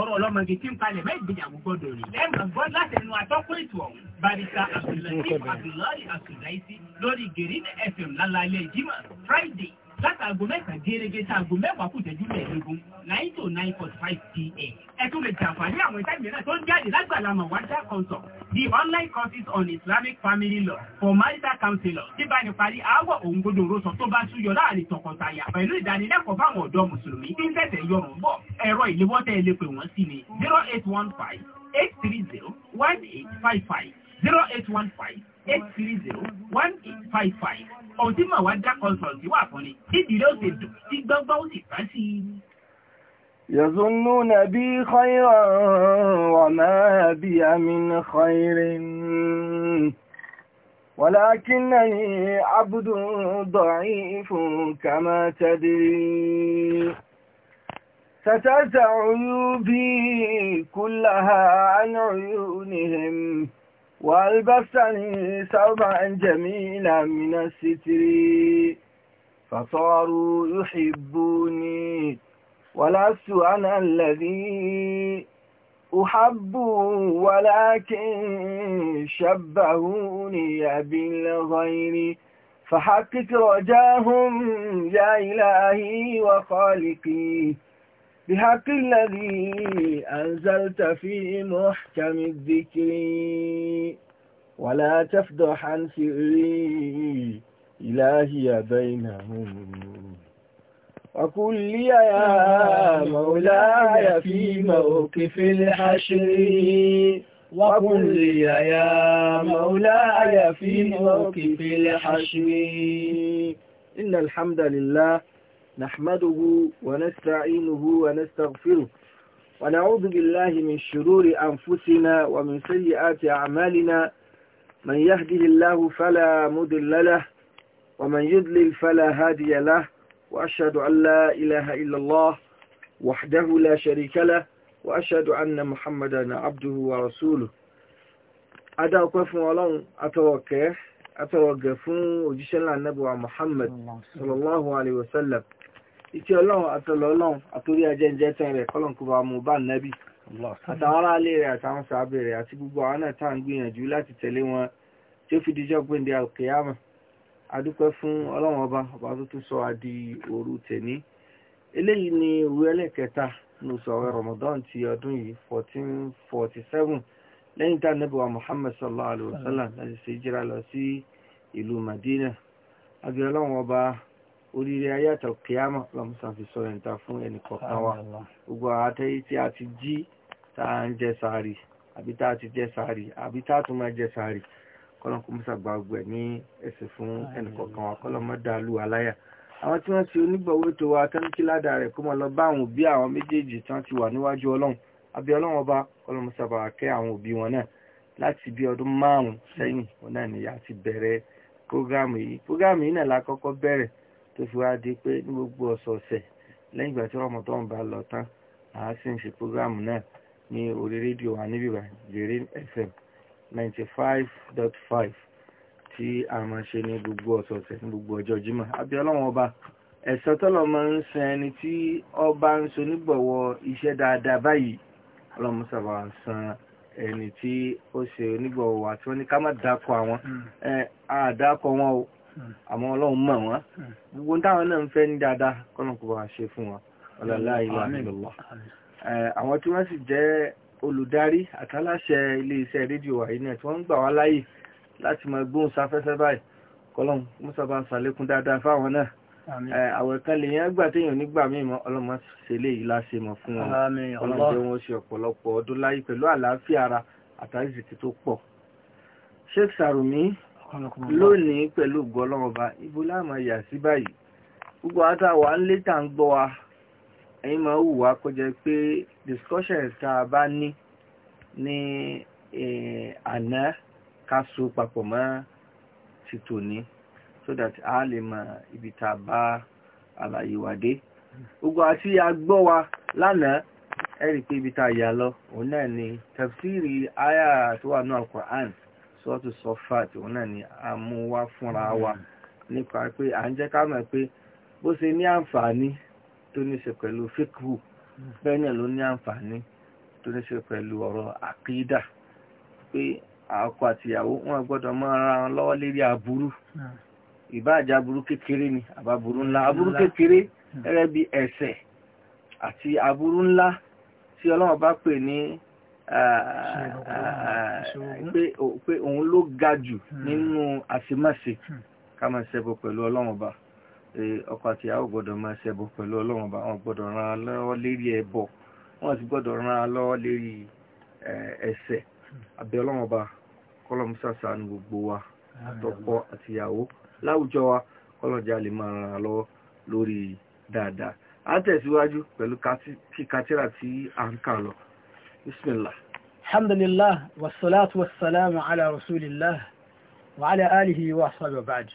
Ọ̀rọ̀ ọlọ́mọge tí ń palẹ̀ mẹ́gbìyàwó gbọ́dọ̀ rí. Ẹ máa gbọ́ látẹnu àtọ́kùn ètò ọ̀hún. Barista Abdullahi Abdullahi Abdullahi lórí Gèrè FM lálẹ́ Jímọ̀ Friday látàgò mẹ́ta gẹ́gẹ́ sáàgò mẹ́wàá kù jẹ́jú lẹ́ẹ̀lógún nine to nine forty five pm. ẹ tún lè jàǹfààní àwọn ìtàn mìíràn tó ń jáde lágbàlá mọ̀wájà consult the online courses on islamic family law for marital counselor tí bá ní parí aáwọ̀ òun gbọdọ̀ rọ́sọ tó bá súyọ láàrin tọkọtaya pẹ̀lú ìdánilẹ́kọ̀ọ́ fáwọn ọ̀dọ́ mùsùlùmí tí ń tẹ̀sẹ̀ yọrùn bọ̀ ẹ̀rọ ìléwọ́ tẹ́ ẹ lè pè wọ́n sí ni zero eight one five eight three zero one eight five five zero eight one five eight three zero one eight five five ohun tí dá consult wà fún ni ìdílé ó dùn tí gbọ́ngbọ́n ó sì sí i. يظنون بي خيرا وما بي من خير ولكنني عبد ضعيف كما تدري سترت عيوبي كلها عن عيونهم وألبسني سبعا جميلا من الستر فصاروا يحبوني ولست أنا الذي أحب ولكن شبهوني بالغير فحقق رجاهم يا إلهي وخالقي بحق الذي أنزلت في محكم الذكر ولا تفضح عن سري إلهي بينهم وقل لي يا مولاي في موقف الحشر وقل لي يا مولاي في موقف الحشر إن الحمد لله نحمده ونستعينه ونستغفره ونعوذ بالله من شرور أنفسنا ومن سيئات أعمالنا من يهده الله فلا مضل له ومن يضلل فلا هادي له وأشهد أن لا إله إلا الله وحده لا شريك له وأشهد أن محمدا عبده ورسوله أدعوكم فمولون أتوكيه أتوقف فون وجيشنا النبي محمد صلى الله عليه وسلم ìkẹ́ ọlọ́run àtọ̀lọ́ ọlọ́run àtòrí ajẹ́jẹ́ tán rẹ̀ kọ́lọ̀n kó bá mú bá nẹ́bì àtàwọn aráalé rẹ̀ àtàwọn sàábẹ̀ rẹ̀ àti gbogbo àwọn náà tá à ń gbìyànjú láti tẹ̀lé wọn tí ó fi dijọ́ gbéǹde àkèyàmọ̀ adúpẹ́ fún ọlọ́run ọba ọba tó tún òru eléyìí ni ẹlẹ́kẹta ti ọdún yìí fourteen forty seven lẹ́yìn tá nẹ́bí wa sallallahu alayhi wa sallam lọ sí ìlú Madina oríire ayé àtàkìyàmọ̀ lọ́mùsàn fi sọ ẹ̀ǹta fún ẹnìkọ̀ọ̀kan wa gbogbo àtẹ́yí tí a ti jí tá à ń jẹ sàárì àbí tá a ti jẹ sàárì àbí tá a tún máa jẹ sàárì kọ́lọ́n kó mọ́sà gba ọgbẹ̀ ní ẹ̀sìn fún ẹnìkọ̀ọ̀kan wa kọ́lọ́n mọ́ dá lù aláyà àwọn tí wọ́n ti onígbọ̀wé tó wa tẹ́ńkì ládàá rẹ̀ kó mọ́ lọ bá àwọn òbí àwọn méjèèjì tí ti wà níwájú ọlọ́run àbí ọlọ́run ọba kọ́lọ́n mọ́sà bá kẹ́ àwọn òbí wọn náà láti bí ọdún márùn-ún sẹ́yìn wọn náà nìyà ti bẹ̀rẹ̀ prógáàmù yìí prógáàmù yìí náà la kọ́kọ́ bẹ̀rẹ̀ tó fi wá di pé ní gbogbo ọ̀sọ̀ọ̀sẹ̀ lẹ́yìn ìgbà tí Ramadan bá lọ tán àá sì ń ṣe prógráàmù náà ní orí rédíò wa níbí wa Jèrè FM 95.5, five dot five tí a máa ṣe ní gbogbo ọ̀sọ̀ọ̀sẹ̀ ní gbogbo ọjọ́ Jímọ̀ abiyọ́lọ́wọ́n ọba ẹ̀sọ́ tọ́lọ̀ máa ń san ẹni tí ọba ń so nígbọ̀wọ́ iṣẹ́ dáadáa báyìí ọlọ́mùsàbà ń san ẹni tí ó ṣe onígbọ̀wọ́ àti wọn ní ká má dákọ̀ àwọn àdákọ̀ hmm. wọn o àmọ́ ọlọ́run mọ̀ wọ́n hmm. gbogbo táwọn náà ń fẹ́ ní dáadáa kọ́nàkù bá ṣe fún wọn ọlọ́lá ìlú àmìlọ́lọ́ àwọn tí wọ́n sì jẹ́ olùdarí àtàláṣẹ iléeṣẹ́ rédíò wàyí náà tí wọ́n ń gbà wá láyè láti máa gbóhùn sáfẹ́fẹ́ báyìí kọ́lọ́n musa bá ṣàlékún dáadáa fáwọn náà àwẹ̀ kan lè yẹn gbà téèyàn nígbà míì mọ́ ọlọ́mọ ṣẹlẹ̀ yìí láṣẹ mọ̀ fún wọn ọlọ́run jẹ́ wọn ṣe ọ̀pọ̀lọpọ̀ ọdún láyé pẹ̀lú àlàáfíà ara àtàrísìkì tó pọ̀ sheikh sarumi lónìí pẹ̀lú ògbọ́ ọlọ́mọba ibo láàmà yà sí báyìí gbogbo àtà wà ń létà ń gbọ́ wa ẹ̀yin máa wù wá kó pé discussions tá a bá ní ní àná ká so papọ̀ mọ́ ti tòní so that a lè mọ ibi tá a bá àlàyé wa dé gbogbo àti agbọ́ wa lánàá ẹ̀rí pé ibi tá a yà lọ òun náà ni tafsiri aya tó wà ní al sọ́tù sọfàt òun náà ni a mú wá fúnra hmm. wa nípa pé à ń jẹ́ ká mọ̀ pé bó ṣe ní àǹfààní tó ní ṣe pẹ̀lú fíkù hmm. bẹ́ẹ̀ náà ló ní àǹfààní tó ní ṣe pẹ̀lú ọ̀rọ̀ àkídà pé ọkọ àtìyàwó wọn gbọ́dọ̀ máa ra wọn lọ́wọ́ lérí aburú hmm. ìbáàjá aburú kékeré ni àbáburú ńlá aburú kékeré gẹ́gẹ́ bí ẹ̀ṣẹ̀ àti aburú ńlá tí ọlọ́run bá pè ní Ah, ah, ah, pé òun ló ga jù nínú àṣemáṣe ká máa ṣẹbọ pẹ̀lú ọlọ́run ọba ọkọ àti ìyàwó gbọ́dọ̀ máa ṣẹbọ pẹ̀lú ọlọ́run ọba wọn gbọ́dọ̀ ran lọ́wọ́ lérí ẹbọ wọn sì gbọ́dọ̀ ran lọ́wọ́ lérí ẹ̀ṣẹ̀ abẹ́ ọlọ́run ọba kọlọmùsà ṣàánú gbogbo wa àtọkọ àti ìyàwó láwùjọ wa kọlọjà lè máa ran lọ́wọ́ lórí dáadáa a tẹ̀síwájú pẹ̀lú kíkatira tí a ń kà lọ. بسم الله الحمد لله والصلاة والسلام على رسول الله وعلى آله وأصحابه وبعد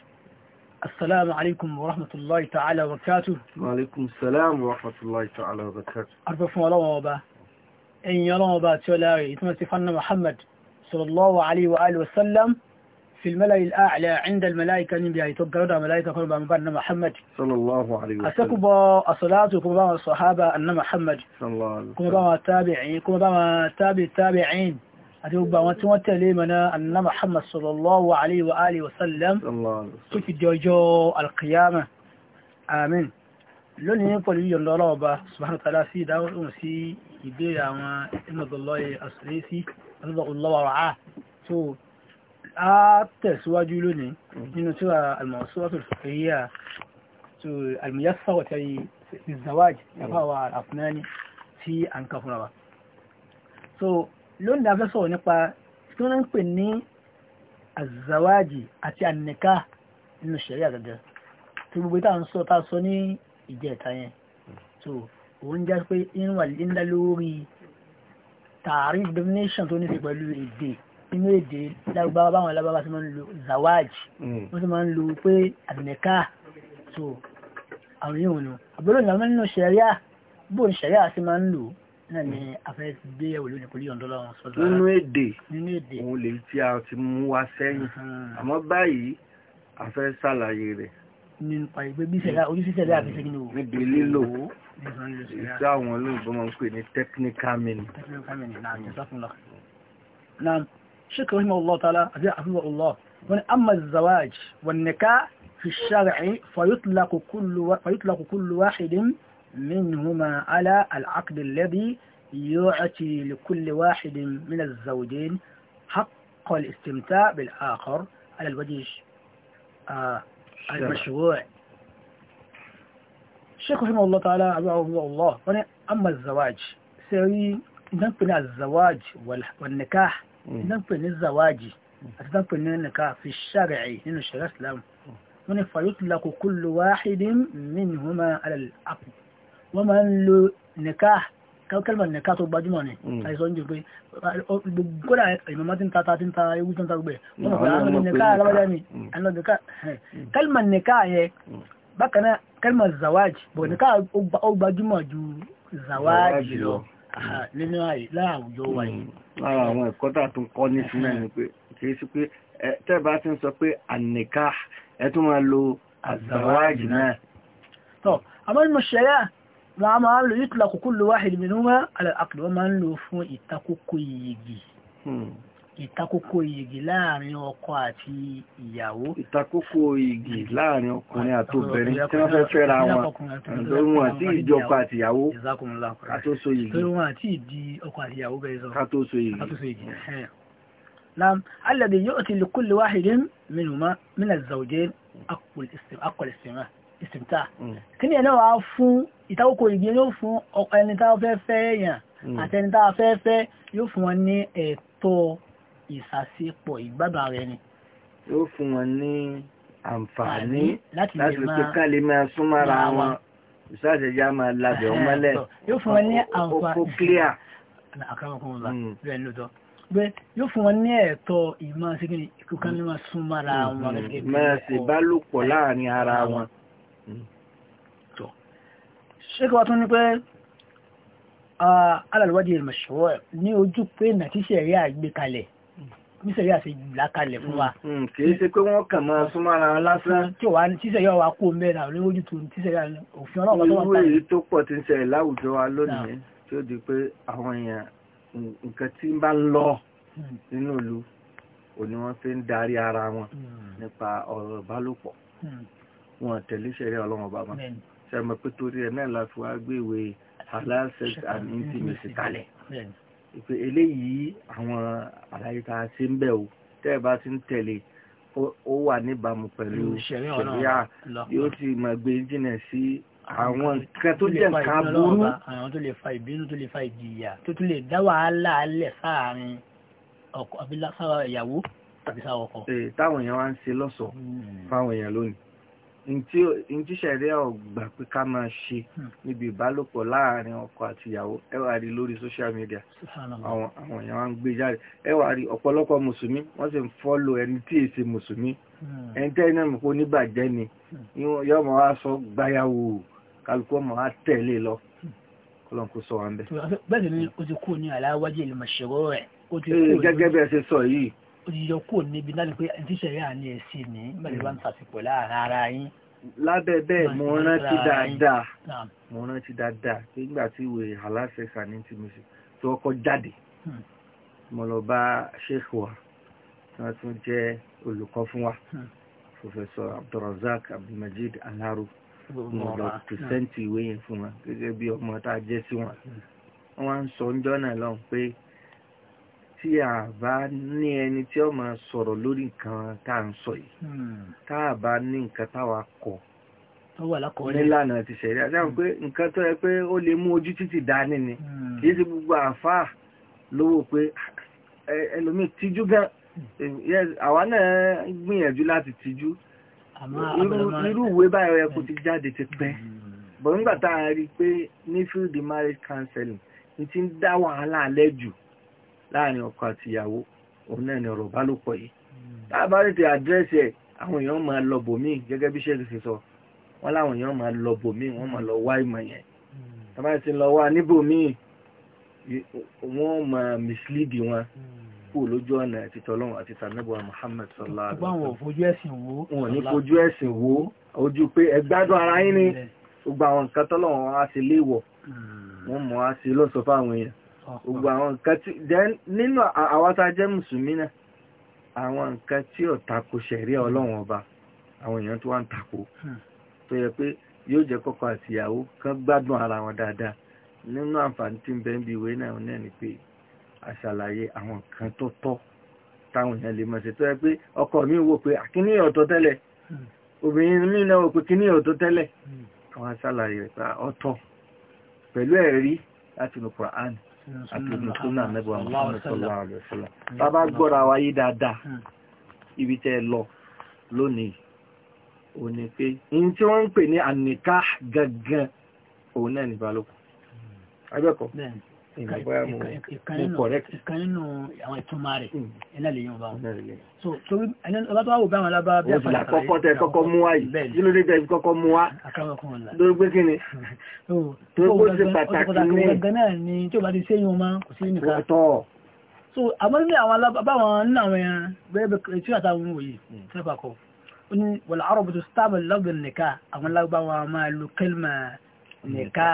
السلام عليكم ورحمة الله تعالى وبركاته وعليكم السلام ورحمة الله تعالى وبركاته أربف الله وبا إن يرى وبا تولاري إتمسفن محمد صلى الله عليه وآله وسلم في الملأ الأعلى عند الملائكة نبي أي تقرأ ملائكة كل بام بان محمد صلى الله عليه وسلم أتكبا الصلاة كما بام الصحابة أن محمد صلى الله عليه وسلم كما التابعين كما بام تابع التابعين أتكبا وتمتع لمنا أن محمد صلى الله عليه وآله وسلم صلى الله عليه وسلم في جوجو القيامة آمين lónìí pẹ̀lú yọ̀ndọ̀ ọlọ́ọ̀ba subhanahu wa ta'ala sí ìdáhùn sí ìbéèrè àwọn ìmọ̀dọ̀lọ́ àṣírí sí àtúbọ̀ ọlọ́wọ̀ rà á tó a tẹ̀síwájú lónìí nínú tí al-mawsu'atul ya fáwa al-afnani tí a wa so lónìí a fẹ́ sọ̀rọ̀ nípa tí wọ́n ń pè ní azawaji àti annika nínú ṣẹ̀rí àgàgà tí gbogbo tá à ìjẹta yẹn so òun já pé inú wà líńdá lórí tààrí domination tó ní ṣe pẹ̀lú èdè inú èdè lágbàwà báwọn alábàbà sí máa ń lo zawaj hmm. wọ́n sì máa ń pé àbìnẹ́ká so àwọn yìí wọn àbúrò ìlànà nínú ṣẹ̀ríà bó ń ṣẹ̀ríà sí máa ń lò náà ni afẹ́ ti gbé ẹ̀wò lónìí pẹ̀lú yọ̀ǹdọ́ lọ́wọ́ sọ́dọ̀ nínú èdè nínú èdè òun wa sẹ́yìn àmọ́ báyìí afẹ́ ṣàlàyé rẹ̀ nípa ìgbé bí ṣẹ̀ríà ojú sí ṣẹ̀ríà àbíṣẹ́ nínú níbi lílò ìṣẹ́ àwọn olóògbé máa ń pè ní technical meaning. technical meaning náà شكرا رحمه الله تعالى حفظه الله أما الزواج والنكاح في الشرع فيطلق كل فيطلق كل واحد منهما على العقد الذي يعطي لكل واحد من الزوجين حق الاستمتاع بالآخر على الوجه آه المشروع الشيخ رحمه الله تعالى رحمه الله أما الزواج سيري نبنى الزواج والنكاح dánpẹ̀ ní zawaji àti dánpẹ̀ ní nìka fi ṣàrẹ̀ nínú ṣẹ̀rẹ̀ islam wọ́n ní fayutla kò kullu wahidin minhuma alal apu wọ́n máa ń lo nìka kẹ́lùmọ̀ nìka tó gbajúmọ̀ ni hmm. àìsàn ń jù pé gbogbo ìmọ̀mọ́ tí ń ta ta tí ń ta ewu tó ń ta gbogbo ẹ̀ wọ́n mọ̀ pé hmm. àwọn nìka alábẹ́lẹ́ mi àwọn nìka kẹ́lùmọ̀ nìka yẹ bákan náà kẹ́lùmọ̀ zawaji bọ̀ hmm. nìka ó gbajúmọ̀ ju zawaji lọ Ah, nínú láàwùjọ wa yìí. Hmm. lára àwọn ẹ̀kọ́ tá tún kọ́ ní sinmi ni pé kì í sí pé tẹ́ bá ti ń sọ pé ànìká ẹ tún máa lo àzàwájì náà. tọ́ àmọ́ nínú ṣẹ̀yà wọn a máa ń lo yìí tó la kúkú lo wáhìdì mìíràn wọn máa ń lo fún ìtakókò yìí ìtakókò ìyègì láàrin ọkọ àti ìyàwó. ìtakókò ìyègì láàrin ọkùnrin àti obìnrin tí wọ́n fẹ́ fẹ́ra wọn lórí wọn àti ìdí ọkọ àti ìyàwó kátóso ìyègì. lórí wọn àti ìdí ọkọ àti ìyàwó bẹ́ẹ̀ sọ. kátóso ìyègì. نعم الذي يؤتي لكل واحد منهما من الزوجين أقوى الاستماع استمتاع kíni ẹ̀nà wà fún ìtakókò ìyègì yóò fún ọkọ ẹni tá a fẹ́ fẹ́ yàn hmm. àti ẹni tá a fẹ́ fẹ́ yóò fún wọn ní ẹ̀tọ́ ìsàsípọ̀ ìgbádùn ara ẹni. yóò fún wọn ní àǹfààní láti lè ká lè máa súnmọ́ ara wọn ìsáàjẹjá máa labẹ̀ ọmọlẹ̀ yóò fún wọn ní àǹfààní pé hmm. yóò fún wọn ní ẹ̀tọ́ ìmọ̀ síkìní ìkúkan ní hmm, wọn sún hmm. mára wọn. máa sì bá lòpọ̀ láàrin ara wọn. ṣékọ̀ wá tún ní pé ah, alàlùwádìí ìmọ̀ṣọ́wọ́ ní ojú pé nàtíṣẹ̀ rí àgbékalẹ̀ níṣẹ́ yóò àṣe ìlà kalẹ̀ fún wa. Hmm, hmm, kì í ṣe pé wọ́n kàn máa súnmọ́ ara wọn lásán. tí wàá ní tíṣẹ́ yóò wá kó mẹ́ra olówójú tó tíṣẹ́ yóò òfin ọlọ́wọ́ tó wà pàdé. irú èyí tó pọ̀ ti ń ṣẹlẹ̀ láwùjọ wa lónìí tí ó di pé àwọn èèyàn nǹkan tí ń bá ń lọ hmm. nínú ìlú ò ní wọ́n fi ń darí ara wọn nípa ọ̀rọ̀ ìbálòpọ̀ wọn tẹ̀lé ṣẹ̀rẹ̀ ọlọ́wọ́n bá ṣe mọ̀ pé torí ẹ̀ náà láti wá gbé ìwé halal sex and kalẹ̀ ìpè eléyìí àwọn àlàyé tá a ṣe ń bẹ̀ o tẹ́ ẹ bá ti ń tẹ̀lé ó wà níbàámu pẹ̀lú ṣẹ̀ríà yóò ti máa gbé jìnnà sí àwọn nǹkan tó jẹ́ nǹkan burú. àwọn tó lè fa ìbínú tó lè fa ìjìyà tó tún lè dá wàhálà alẹ̀ sáàárín ọkọ àbí sáwà ìyàwó àbí sáwà ọkọ. táwọn èèyàn wá ń ṣe lọ́sọ̀ọ́ hmm. fáwọn èèyàn lónìí ntí sẹ̀ríà ọ̀gbà pé ká máa ṣe hmm. níbi ìbálòpọ̀ láàrin ọkọ àti ìyàwó ẹ wá rí lórí social media àwọn èèyàn wá ń gbé jáde ẹ wá rí ọ̀pọ̀lọpọ̀ mùsùlùmí wọ́n sì ń fọ́lò ẹni tí èsì mùsùlùmí hmm. ẹni tẹ́ iná mọ̀ oníbàjẹ́ ni hmm. yóò mọ̀ wá sọ gbáyàwó kálukú ọmọ wá tẹ̀lé e lọ kọlọ́n kó sọ wa ń bẹ̀. bẹ́ẹ̀ ni o ti kú ní aláwájú eh, ìlú òjìjọ kúrò níbi láti pé tíṣẹ̀ yà ní ẹ̀sì ní mẹ́rin bá ń hmm. sàtìpọ̀ láàrin ara yín. lábẹ́ bẹ́ẹ̀ mo rántí dáadáa mo rántí dáadáa pé nígbà tí ìwé aláṣẹ sani ti mi sí tí wọ́n jáde hmm. mo lọ bá sheikh wa tí wọ́n tún jẹ́ olùkọ́ fún wa hmm. professor abdulrasaq abdulmajid alaru mo lọ pèsèntì ìwé yẹn fún wa gẹ́gẹ́ bí ọmọ tá a jẹ́ sí wọn wọ́n wá ń sọ ọjọ́ náà lọ́hùn pé tí a bá ní ẹni tí ó máa sọ̀rọ̀ lórí nǹkan tá à ń sọ yìí hmm. tá a bá ní nǹkan táwa kọ nílànà ti ṣẹ̀rí àti àwọn pé hmm. nǹkan tó yẹ pé ó lè mú ojú títì dání ni hmm. kì í ti gbogbo àáfàá lówó pé ẹlòmíì tijú gan àwa náà gbìyànjú láti tijú irú ìwé báyọ̀ yẹ kó ti jáde ti pẹ́ bọ̀ nígbà tá a rí i pé ní field marriage counseling ti ń dá wàhálà alẹ́ láàrin ọkọ àti ìyàwó òun náà ni ọ̀rọ̀ bá ló pọ̀ yìí tá a bá rí ti àdírẹ́sì ẹ̀ àwọn èèyàn máa lọ bòmíì gẹ́gẹ́ bí ṣẹ́ẹ̀kì ṣe sọ wọ́n láwọn èèyàn máa lọ bòmíì wọ́n máa lọ wá ìmọ̀ yẹn tá ti lọ wá níbòmíì wọ́n máa mislead wọn kú lójú ọ̀nà àti tọ́lọ́wọ̀n àti tànàbọ̀ Muhammad sallallahu alaihi wasallam. wọn ò fojú ẹ̀sìn wo. wọn ò ní fojú ẹ̀sìn wo ojú pé ẹ gbádùn ara yín gbogbo àwọn nǹkan tí then nínú àwọn tá a jẹ́ mùsùlùmí náà àwọn nǹkan tí ò tako ṣẹ̀rí ọlọ́run ọba àwọn èèyàn tó wà ń tako hmm. tó yẹ pé yóò jẹ́ kọ́kọ́ àtìyàwó kan gbádùn ara wọn dáadáa nínú àǹfààní tí ń bẹ ń bi ìwé náà náà ni pé àṣàlàyé àwọn nǹkan tó tọ́ táwọn èèyàn lè mọ̀ sí tó yẹ pé ọkọ mi wò pé àkíní ọ̀tọ̀ tẹ́lẹ̀ hmm. obìnrin mi náà wò pé kíní ọ̀tọ̀ tẹ́lẹ̀ àwọn hmm. àṣàlàyé rẹ̀ pé ọ̀tọ̀ pẹ̀lú ẹ̀rí láti nù àti ìbùn súnà nẹ́bọ̀ àmọ́sọ́lá àlẹ́sọ́lá bàbá gbọ́ra wáyé dáadáa hmm. ibi tẹ́ lọ lónìí ò ní pé ní tí wọ́n ń pè ní àníká gangan òun ìkan nínú àwọn ìtumá rẹ̀ iná hmm. lè yíò bá wọn so torí ọba tó wà wò bá wọn lábá bí àpàlà kọ́kọ́ tẹ kọ́kọ́ mú wá yìí kí ló dé tẹ kọ́kọ́ mú wá lórí pé kíni tó kó ṣe pàtàkì ní ọ̀gán náà ni tí ó bá ti ṣe yíò máa kò sí nìkan so àmọ́ nílé àwọn alábáwọn nínú àwọn ẹran bẹ́ẹ̀ tí wọ́n ta wọn wòye sẹ́fà hmm. kọ́ ó ní wọ̀lá àrọ̀ bùtù stáàbù lọ́gbìn nìka àwọn alábáwọn máa lo kẹ́lmà hmm. nìka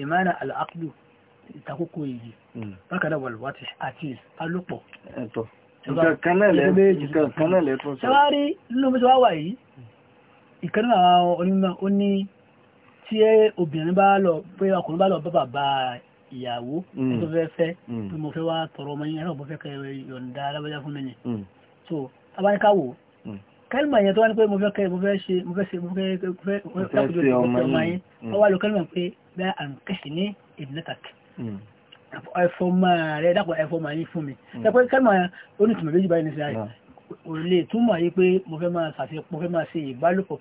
ìmánà àlọ́ àkùdù ìtakókò èyí hmm. bákanáà wàlúwàtí àti alópọ̀. ẹ̀tọ́ nǹkan náà lẹ́tún sọ. sáwárí nínú bí wá wà yìí ìkan náà onímọ̀ ó ní tí obìnrin bá lọ pé ọkùnrin bá lọ bá bàbá ìyàwó hmm. tó fẹ́ fẹ́ hmm. pé mo fẹ́ wá tọrọ ọmọ yẹn náà mo fẹ́ kẹ́ yọ̀ǹda alábẹ́já fún mi yẹn so tábáníkàwò kálmà yẹn tó wá ní pé mo fẹ́ kẹ́ mo fẹ́ ṣe mo fẹ́ ṣe mo fẹ́ ṣe ọmọ yẹn wọ́n wá lọ kálmà pé bẹ́ẹ̀ àǹkẹ́sì ní ìdílẹ́tàkì Hmm. ẹ̀fọ́mà rẹ̀ dápọ̀ ẹ̀fọ́mà yìí fún mi hmm. ẹ̀pẹ́ kẹ́mà onítùmọ̀ méjì báyìí nìsí ayé ò lè túmọ̀ yìí pé mo fẹ́ máa sàfihàn mo fẹ́ máa ṣe ìbálòpọ̀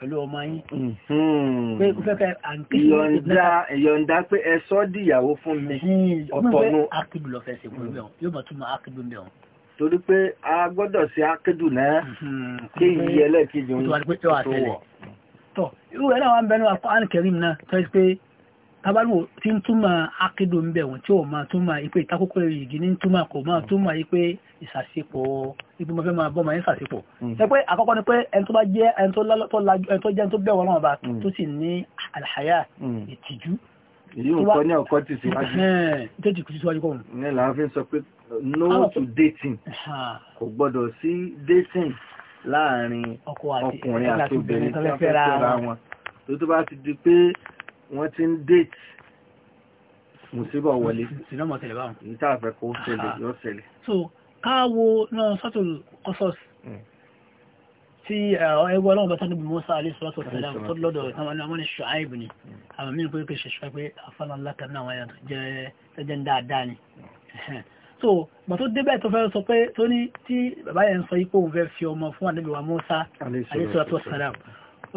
pẹ̀lú ọmọ yín hmm. pé mo fẹ́ kẹ́ àǹkí ìyọ̀ǹda pé ẹ sọ́ dìyàwó fún mi ọ̀tọ̀nu akídù lọ fẹ́ ṣe pẹ̀lú ẹ̀ yóò mọ̀ túmọ̀ akídù ń bẹ̀ torí pé a gbọ́dọ̀ ṣe akídù náà kí ìyẹlẹ́ kejì ń tó wọ̀. tọ́ irú ẹ̀ náà wà ń bẹnu àkọ́ ànkẹ́rìm náà tọ́ abálùmọ̀ tí ń túmọ̀ akédo ń bẹ̀ wọ́n tí ó máa túmọ̀ ipe ìtakókò ìgì ní túmọ̀ kò máa túmọ̀ ipe ìsàsípò ibi mo fẹ́ máa bọ́ máa ń sàsípò. ṣe pé àkọ́kọ́ ni pé ẹni tó bá jẹ́ ẹni tó lajú ẹni tó jẹ́ ẹni tó bẹ̀wọ̀ náà bá hmm. tó sì ní àlàyà hmm. ìtìjú. èyí ò kọ́ ní ọkọ ti síwájú. tó ti kù sí síwájú dating kò gbọ́dọ̀ dating láàárín ọkùnrin àti obìnrin tó fẹ́ fẹ́ra wọn tó tó bá ti di wọ́n ti ń déètì mùsíbà wọlé sinọ́mọ̀ tẹ̀lẹ̀ kó ṣẹlẹ̀ yóò ṣẹlẹ̀ so káàwó náà sọ́tòlù kọ́sọ́s hmm. tí eh, ẹgbẹ́ ọlọ́run bá tánúbù mọ́sá alẹ́sọ́tò tẹ̀lẹ̀ tó lọ́dọ̀ àwọn ṣùáìbù ni hmm. àwọn mí pé kìí ṣẹṣẹ́ pé afánàláka náà wáyà tó jẹ́ dáadáa ni hmm. so gbà tó débẹ̀ tó fẹ́ sọ pé tó ní tí bàbá yẹn sọ ipò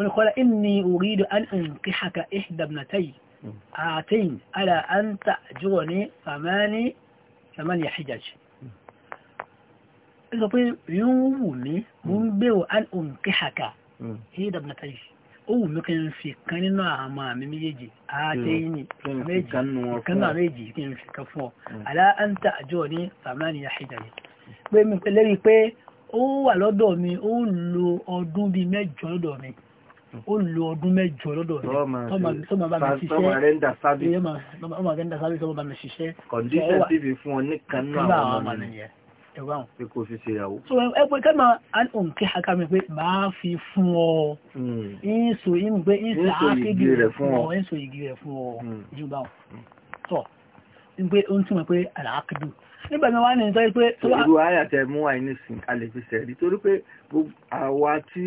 wọ́n ni kọ́lá inni uridu an unkihaka ihdabnatayi hmm. àtẹ́yìn ala an ta'júwọ̀ ní famani famani hijaj hmm. sọ pé yóò wù mí mo ń hmm. gbèrò an unkihaka ihdabnatayi ó wù mí kí n fi kan nínú àmà mi méjèèjì àtẹ́yìn méjì kan náà méjì kí n fi kan fún ọ ala an ta'júwọ̀ ní famani hijaj pé mi pẹ̀lẹ́rí pé ó wà lọ́dọ̀ mi ó lo ọdún bíi mẹ́jọ lọ́dọ̀ mi ó lo ọdún mẹ́jọ lọ́dọ̀ rẹ̀ tọ́mà bá mi ṣiṣẹ́ tọ́mà rẹ̀ ń dà sábì tọ́mà bá mi ṣiṣẹ́ condition tv fún ọ ní kanú àwọn ọmọ nìyẹn ẹ̀wọ̀n pé kò fi ṣe ìyàwó. so ẹ pé kẹ́mà àǹkẹ́ àkàmì pé máa fi fún ọ ìṣò ìgbé ìṣà àkégi rẹ̀ fún ọ ìṣò ìgi rẹ̀ fún ọ ìjọba ọ tọ́ pé ó ń túnmọ̀ pé àlàákìdù nígbà mi wá ní nítorí pé. irú ayàtẹ̀ mú àìníṣìn a lè fi ṣẹ̀rí torí pé àwa tí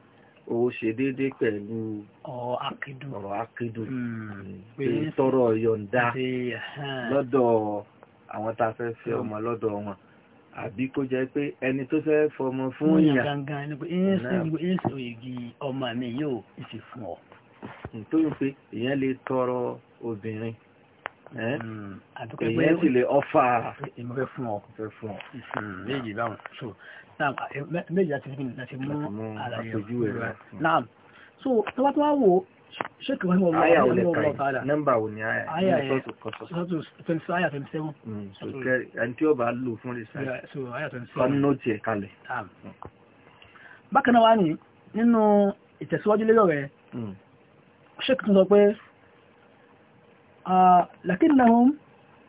ó ṣe déédé pẹ̀lú ọ̀rọ̀ akédù hmm. tọrọ yọ̀ǹda lọ́dọ̀ àwọn tá a fẹ́ fẹ́ ọmọ lọ́dọ̀ wọn àbí kó jẹ́ pé ẹni tó fẹ́ fọmọ fún ìyà gangan ni pé ẹ̀yìn sí ọmọ mi yóò ìsì fún ọ. nítorí pé èèyàn lè tọrọ obìnrin èèyàn hmm. sì lè ọfà ìmọ̀fẹ́ fún ọ. ìmọ̀fẹ́ fún ọ. Hmm. Ah, eh, méjì láti mm. so tọ́wọ́ tó wá wò ṣékì wọn wọ́n láyà wọlé káyì nọ́mbà mm, so kẹrì ẹni tí ó bá lò fún lè sáyà kọ́ ní ó tiẹ̀ kalẹ̀ bákan náà wá ní nínú ìtẹ̀síwájú lérò rẹ̀ ṣékì tó sọ pé ah, lakinnahum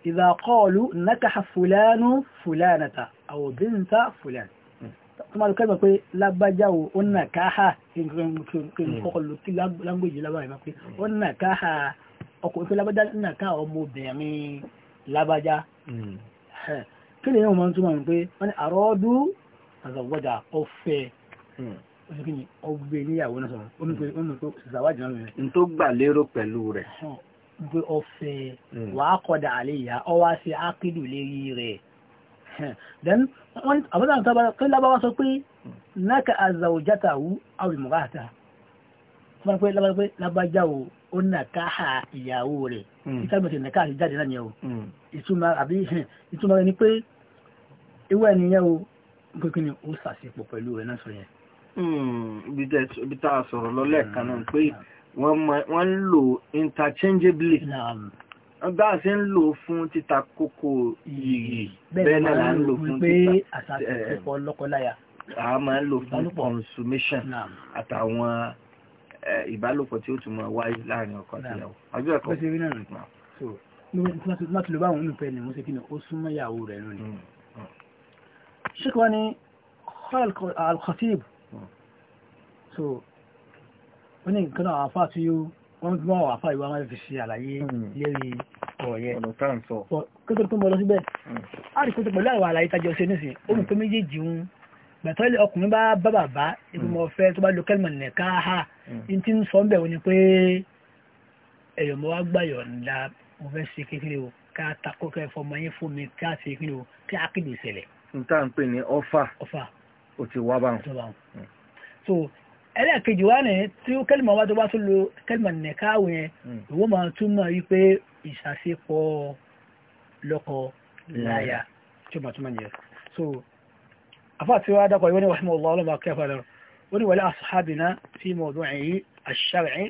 idha qalu nakaha fulanu fulanata aw binta tó máa kẹ́gbọ̀n pé lágbájáwò ó nà káhà kọ́kọ̀lù tí lágbèjì lábàá ìmọ̀ pé ó nà káhà ọkùnrin tó lágbájá nà káhà ọmọbìnrin lágbájá hmm. kí ni yóò máa ń túmọ̀ pé wọ́n ní àrọ́ọ́dú àzọ̀wọ́dà ọ̀fẹ́ hmm. ọ̀sẹ̀kìnyìn ọgbẹ́ níyàwó náà sọ̀rọ̀ ó ní pé ó ní pé ṣàwádìí náà rẹ̀. n tó gbà lérò pẹ̀lú rẹ̀. pé ọ̀fẹ́ hmm. wàá kọ̀dà àléyà ọwọ́ á ṣe ákídù lérí rẹ̀. then wọ́n àbúdá àwọn tọ́bá kí lábáwá sọ pé náka àzàwòjáta wú àwọn ìmọ̀gáta wọ́n pé lábáwá pé lábájá o ó nà káhà ìyàwó rẹ̀ ìtàgbẹ̀tẹ̀ nà káà jáde náà yẹn o hmm. ìtumọ̀ àbí ìtumọ̀ rẹ̀ ni pé ìwé ẹniyẹn o pé kí ni ó sàṣepọ̀ pẹ̀lú rẹ̀ náà sọ yẹn. Hmm. ibi tá a sọ̀rọ̀ lọ́lẹ́ẹ̀kan náà pé hmm. wọ́n lo interchangeably bá a ṣe ń lò fún títa kókó yìí bẹ́ẹ̀ náà là ń lò fún títa àṣàkókò lọ́kọláya a máa ń lò fún consummation àtàwọn ìbálòpọ̀ tí ó tún máa wáyé láàrin ọkọ àtìyàwó ọjọ́ ẹ̀kọ́ láti ló bá àwọn olùfẹ́ ni wọ́n ṣe kí ni ó súnmọ́ ìyàwó rẹ̀ nù ni ṣíkọ́ hmm, hmm. ni al-Khatib hmm. so ó ní nǹkan náà àfáà tí yóò wọ́n tún wọ́n wà fà ìwà máa fi ṣe àlàyé hmm. lérí ọ̀rọ̀ yẹn ọ̀nà tá à ń sọ kó tó tó mọ lọ síbẹ̀ á hmm. rí kó tó pẹ̀lú àwọn àlàyé tajọ ṣe nísìn ó mú pé méjèèjì ń gbàtọ́ ilé ọkùnrin hmm. ha n ti ń sọ ń bẹ̀ wọ́n ni pé ẹ̀yọ̀ mọ́ wá gbàyọ̀ ńlá mo fẹ́ ṣe kékeré o ká takó kẹ́ fọmọ yín fún mi ká ṣe kékeré o kí á kéde ìṣẹ̀lẹ̀. n tá à ń pè ní ọfà ọfà o ti wá báwọn. so ẹlẹ́ẹ̀kejì wá ní tí ó kẹ́lìmọ̀ wá tó bá tó lo kẹ́lìmọ̀ nìkáwò yẹn hmm. ìwọ́n máa túmọ̀ wípé ìṣàṣepọ̀ lọ́kọ láya tí ó máa túmọ̀ yẹn so afa tí wá dákọ̀ ìwọ́n ni wàhímọ̀ ọlọ́ ọlọ́mọ akẹ́kọ̀ọ́ lọ́rọ̀ ó ní wala ashabina fi mawdu'i ash-shar'i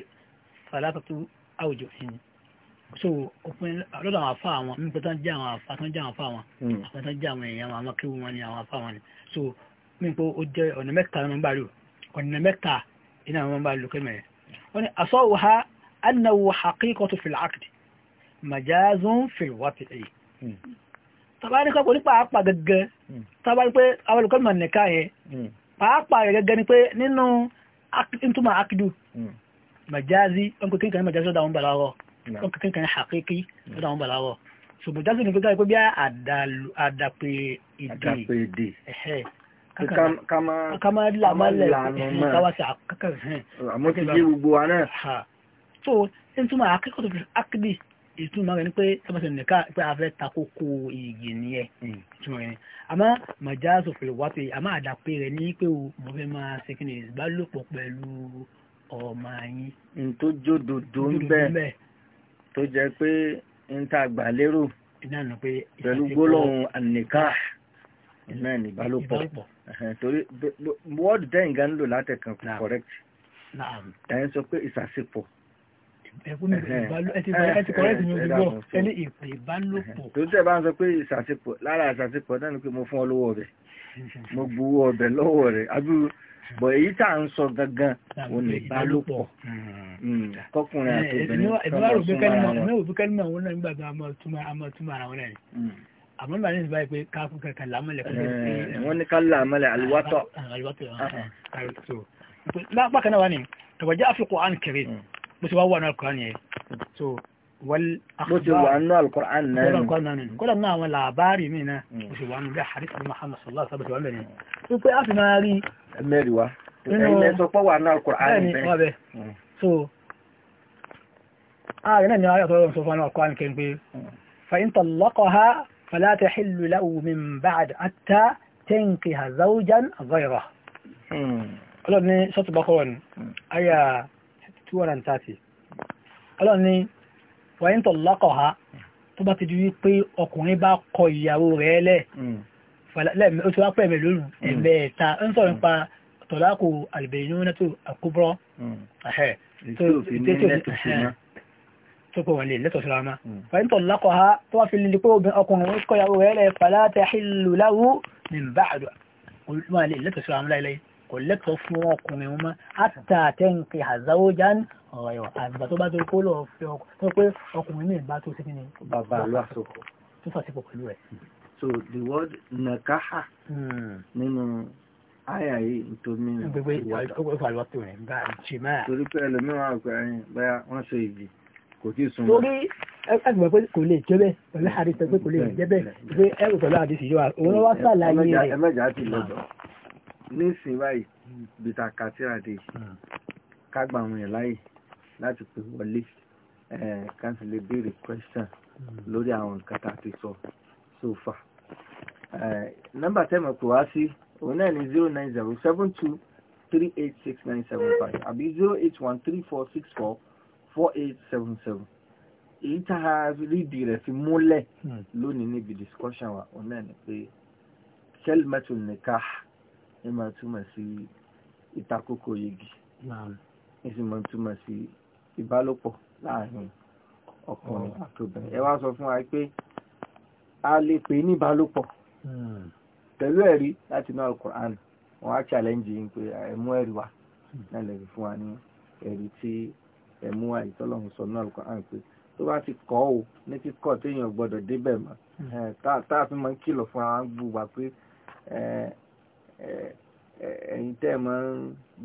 so òpin lọ́dọ̀ àwọn afá àwọn nípa tó ń jẹ́ àwọn afá tó ń jẹ́ àwọn afá wọn hmm. àwọn tó jẹ́ àwọn èèyàn àwọn akéwù wọn ni àwọn afá wọn ni so nípa ó jẹ́ ọ̀nà mẹ́ta ló ń ọ̀nà mẹ́ta iná wọn bá lò kẹ́mẹ̀ wọ́n ni asọ́wọ́ ha annáwó haqiqatu fil aqd majazun fil wati'i hmm. tàbárí kọ́kọ́ ní pàápàá gẹ́gẹ́ hmm. tàbárí pé àwọn olùkọ́ mọ̀ nìka yẹn hmm. pàápàá rẹ̀ gẹ́gẹ́ ni pé nínú ìtumọ̀ akidu majazi wọn kò kíkan majazi lọ́dà wọn balawọ́ wọn kò kíkan ká máa làmọ́lẹ̀ káwàsí àkọ́kọ̀rẹ̀ àmọ́ ti yé gbogbo wa náà so n túnmọ̀ akẹ́kọ̀ọ́ tó fi ákìdì ìtumọ̀ rẹ̀ ni pé tọ́mọ̀sẹ̀ nìka pé afẹ́ takoko ìyè nìyẹn hmm. ìtumọ̀ rẹ̀ ni àmọ́ màjáàsù fèrè wá pé àmọ́ àdàpé rẹ̀ ní pé mo fẹ́ máa ṣe kí ni ìbálòpọ̀ pẹ̀lú ọmọ yín. n tó jó dòdò ń bẹ tó jẹ pé n ta gbà lérò pẹ̀lú gbólóhùn àníkà náà ní ìbálòpọ̀ torí wọ́ọ̀dù tẹ́yìn gan lò látẹ̀kan correct ẹ̀yìn sọ pé ìsàsípọ̀ tó tẹ̀ bá ń sọ pé ìsàsípọ̀ lára ìsàsípọ̀ náà ni pé mo fún ọ lówó rẹ̀ mo gbowó ọbẹ̀ lọ́wọ́ rẹ̀ abúrú bọ̀ èyí tá à ń sọ gangan ò ní ìbálòpọ̀ kọkùnrin àti obìnrin tó lọ súnmọ́ ara wọn. ẹ̀mí wà rò bí kẹ́lí mọ̀ wọn náà nígbà tó a máa túmọ̀ ara wọn náà ni àmọ́ bàbá yẹn ti báyìí pé káàkùn kankan làmọ́lẹ̀ kó lè eh, eh, wọ́n ní ká làmọ́lẹ̀ ah, àlùwátọ̀ àlùwátọ̀ àrùtò ah, ah, bákan náà wà ní tọ̀gbọ̀jẹ́ àfikún àn kiri hmm. bó ti wá wà ní alukur'an yẹn so wal akhbar bó ti wà ní alukur'an náà nínú kódà náà àwọn làbárì mi náà hmm. bó ti wà ní bí àhàrísì Muhammad sallallahu alaihi wa sallam tó pé a fi máa rí mẹ́rin wa ẹ̀yin sọ pé wà ní alukur'an bẹ́ẹ̀ hmm. so ààrẹ náà ni ayọ̀ tó rọrùn sọ fún alukur'an فلا تحل له من بعد حتى تنكح زوجا غيره hmm. ọlọ́run ní ṣọ́tù bọ́kọ́wọ́ ni àyà 230 ọlọ́run ní wọ́yìn tó lọ́kọ̀ ha tó bá ti di wípé ọkùnrin bá kọ ìyàwó rẹ̀ lẹ̀ hmm. ó ti wá pẹ̀ mẹ́ lónìí hmm. ẹ̀mẹ́ta ń sọ̀rọ̀ nípa tọ̀lákò àlùbẹ̀yìn ní wọ́n tó àkúbọ̀ tó pé wọ́n lè lẹ́tọ̀ síra ma hmm. fàyín tó lákọ̀ ha tó wá fi lè pé obìnrin ọkùnrin ó kọ́ ìyàwó rẹ̀ fàlá tahillu lahu min ba'du wọ́n lè lẹ́tọ̀ síra ma láìláì kò lẹ́tọ̀ fún ọkùnrin wọn àtà bá tó kó lọ fi ọkùnrin pé ọkùnrin ní rẹ̀. so the word nakaha hmm. nínú àyà yìí nítorí ìwádà torí pé ẹlòmíràn àgbà yẹn báyà wọ́n ṣe ìbí kò tí sùn mọ́. torí ẹgbẹ́ pé kò lè jẹ́ bẹ́ẹ̀ pẹ̀lú àdìsẹ́ pé kò lè jẹ́ bẹ́ẹ̀ pé ẹrù pẹ̀lú àdìsẹ́ yóò wá òun wá sàlàyé rẹ̀. ẹ mẹ́jà ti lọ́dọ̀ hmm. nísìnyí báyìí hmm. bìtà kàtíràdì hmm. kágbà àwọn yẹn láyè láti pè wọlé káàsì lè béèrè question lórí àwọn nǹkan tá a ti sọ so far. nọ́mbà tẹ́mọ̀ pè wá sí òun náà ní zero nine zero seven two three eight six nine seven five àbí zero eight one three four six four four eight seven seven èyí tá a rídi rẹ̀ fi múlẹ̀ hmm. lónìí níbi discussion wa òun náà ni pé kelmatun nikah ẹ máa túmọ̀ sí ìtakókò yegi ẹ sì máa túmọ̀ sí ìbálòpọ̀ láàrin ọkùnrin àti obìnrin ẹ wá sọ fún wa pé a lè pè ní ìbálòpọ̀ hmm. pẹ̀lú ẹ̀rí láti inú alukur'an wọn á challenge yín pé ẹ mú ẹ̀rí wa náà hmm. lè fi fún wa ní ẹ̀rí tí ẹ̀mú àìtọ́lọ́hún sọ náà Al-Qur'an pé tó bá ti kọ́ o ní kíkọ́ téèyàn gbọ́dọ̀ débẹ̀ mọ́ hmm. tá a fi máa ń kìlọ̀ fún àwọn gbùgbà pé ẹ̀yin tẹ́ ẹ̀ máa ń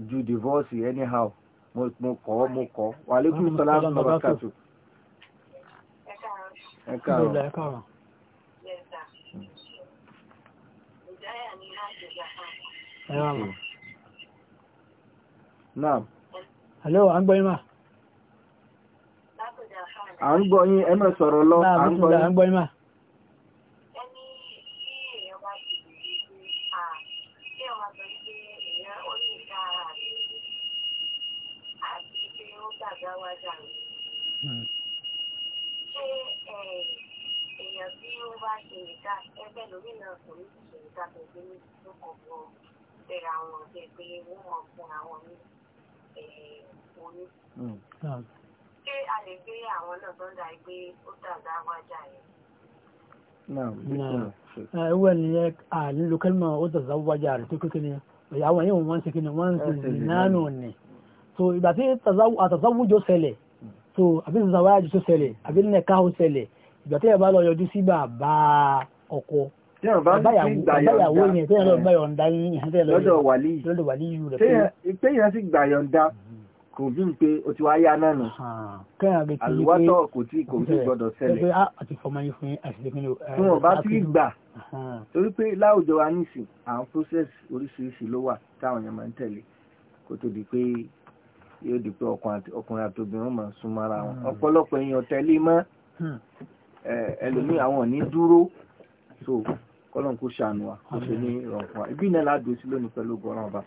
ju divorce anyhow mo kọ́ mo kọ́ wa alaikum hmm. salaam wa barakatuh. ẹ káàárọ̀ ẹ káàárọ̀. Hello, I'm going ma à ń gbọ́ yín ẹ má sọ̀rọ̀ lọ à ń gbọ́ yín. ẹgbẹ́ lórí náà kò ní ṣe ìdá pẹ̀lú ní tó kọ̀ fún ìbẹ̀rẹ̀ àwọn wọ́n mọ̀ fún àwọn ní òní ṣé a lè gbé àwọn náà tó ń da ìgbé ó dàgbà wájà yẹn. Ẹwẹ́ ni ẹ nílò kẹ́lìmọ̀ ó dàgbà wájà rẹ̀ tó kékeré ni àwọn yóò wọ́n ṣe kí ni wọ́n ṣe nánú ni. So ìgbà tí àtàzáwùjọ ṣẹlẹ̀ so àbí ìzàwájú tó ṣẹlẹ̀ àbí nẹ́ka ó ṣẹlẹ̀ ìgbà tí ẹ bá lọ yọjú sí bàbá ọkọ báyàwó yẹn tẹ́yàn lọ bá yọ̀ǹda yín lọ́dọ̀ wàlíyù rẹ̀. Tẹ́yàn sì gbà yọ̀ǹda kò bí n pé o ti wá yá náà nù. Ah, àlùwátọ̀ kò tí kò tí gbọdọ̀ ṣẹlẹ̀. Ah, fún ọba tí gbà ah. torí pé láwùjọ wa nísìn àwọn process oríṣiríṣi ló wà táwọn èèyàn máa ń tẹ̀lé kó tó di pé yóò di pé ọkùnrin àti obìnrin máa ń súnmọ́ ara wọn hmm. ọ̀pọ̀lọpọ̀ èèyàn tẹ̀lé mọ́ hmm. ẹlòmíì àwọn ò ní dúró so kọ́lọ́n kó ṣàánú wa kó ṣe ní ìrọ̀kùn wa ibi náà ládùú sí lónìí pẹ̀lú ọgbọ̀n ọba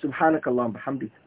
subhanakallah alhamdulilayi.